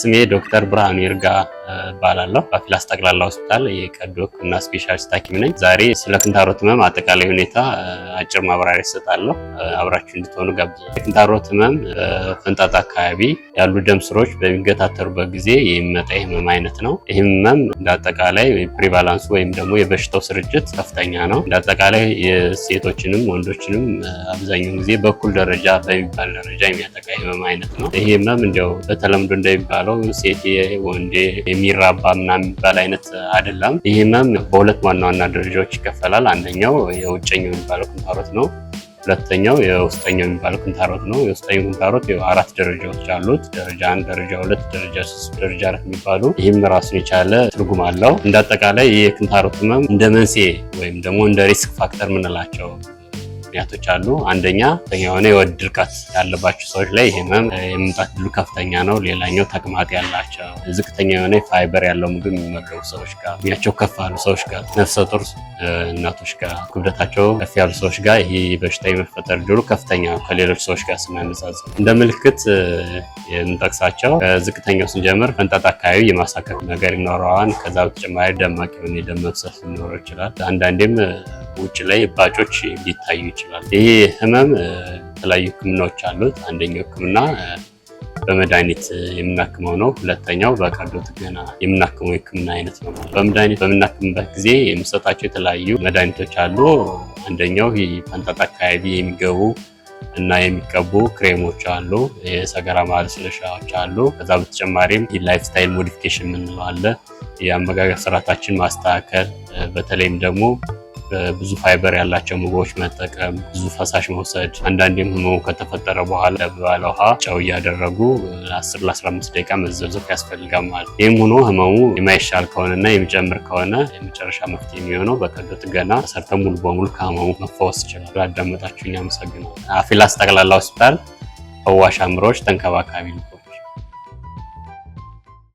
ስሜ ዶክተር ብርሃኑ ይርጋ እባላለሁ። በፊላስ ጠቅላላ ሆስፒታል የቀዶ ሕክምና ስፔሻሊስት ሐኪም ነኝ። ዛሬ ስለ ክንታሮት ህመም አጠቃላይ ሁኔታ አጭር ማብራሪያ እሰጣለሁ። አብራችሁ እንድትሆኑ ጋብዙ። የክንታሮት ህመም ፈንጣጣ አካባቢ ያሉ ደም ስሮች በሚገታተሩበት ጊዜ የሚመጣ የህመም አይነት ነው። ይህ ህመም እንዳጠቃላይ ፕሪቫላንሱ ወይም ደግሞ የበሽታው ስርጭት ከፍተኛ ነው። እንዳጠቃላይ የሴቶችንም ወንዶችንም አብዛኛውን ጊዜ በኩል ደረጃ በሚባል ደረጃ የሚያጠቃ የህመም አይነት ነው። ይህ ህመም እንዲያው በተለምዶ እንደሚባለው ሴቴ ወንዴ የሚራባ ምናምን የሚባል አይነት አይደለም። ይህ ህመም በሁለት ዋና ዋና ደረጃዎች ይከፈላል። አንደኛው የውጨኛው የሚባለው ኩንታሮት ነው። ሁለተኛው የውስጠኛው የሚባለው ኩንታሮት ነው። የውስጠኛው ኩንታሮት አራት ደረጃዎች አሉት። ደረጃ አንድ፣ ደረጃ ሁለት፣ ደረጃ ሶስት፣ ደረጃ አራት የሚባሉ ይህም ራሱን የቻለ ትርጉም አለው። እንደ አጠቃላይ ኩንታሮት ህመም እንደ መንስኤ ወይም ደግሞ እንደ ሪስክ ፋክተር ምንላቸው ምክንያቶች አሉ። አንደኛ የሆነ የወድ ድርቀት ያለባቸው ሰዎች ላይ ህመም የመምጣት ድሉ ከፍተኛ ነው። ሌላኛው ተቅማጥ ያላቸው ዝቅተኛ የሆነ ፋይበር ያለው ምግብ የሚመገቡ ሰዎች ጋር እድሜያቸው ከፍ ያሉ ሰዎች ጋር፣ ነፍሰ ጡር እናቶች ጋር፣ ክብደታቸው ከፍ ያሉ ሰዎች ጋር ይህ በሽታ የመፈጠር ድሉ ከፍተኛ ነው ከሌሎች ሰዎች ጋር ስናነጻጽር። እንደ ምልክት የምንጠቅሳቸው ዝቅተኛው ስንጀምር መንጣት አካባቢ የማሳከፍ ነገር ይኖረዋል። ከዛ በተጨማሪ ደማቅ የሆነ የደም መፍሰስ ሊኖረው ይችላል። አንዳንዴም ውጭ ላይ እባጮች ሊታዩ ይችላሉ። ይህ ህመም የተለያዩ ህክምናዎች አሉት። አንደኛው ህክምና በመድኃኒት የምናክመው ነው። ሁለተኛው በቀዶ ጥገና የምናክመው የህክምና አይነት ነው። በመድኃኒት በምናክምበት ጊዜ የምንሰጣቸው የተለያዩ መድኃኒቶች አሉ። አንደኛው ፓንጣጣ አካባቢ የሚገቡ እና የሚቀቡ ክሬሞች አሉ። የሰገራ ማለስለሻዎች አሉ። ከዛ በተጨማሪም ላይፍ ስታይል ሞዲፊኬሽን የምንለው አለ። የአመጋገብ ስርዓታችን ማስተካከል በተለይም ደግሞ ብዙ ፋይበር ያላቸው ምግቦች መጠቀም፣ ብዙ ፈሳሽ መውሰድ፣ አንዳንዴም ህመሙ ከተፈጠረ በኋላ ባለ ውሃ ጨው እያደረጉ ለ10 ለ15 ደቂቃ መዘብዘፍ ያስፈልጋል ማለት። ይህም ሆኖ ህመሙ የማይሻል ከሆነና የሚጨምር ከሆነ የመጨረሻ መፍትሄ የሚሆነው በቀዶ ጥገና ሰርተ ሙሉ በሙሉ ከህመሙ መፈወስ ይችላል። ላዳመጣችሁኝ አመሰግናለሁ። አፊላስ ጠቅላላ ሆስፒታል ፈዋሽ አእምሮዎች ተንከባካቢ ነው።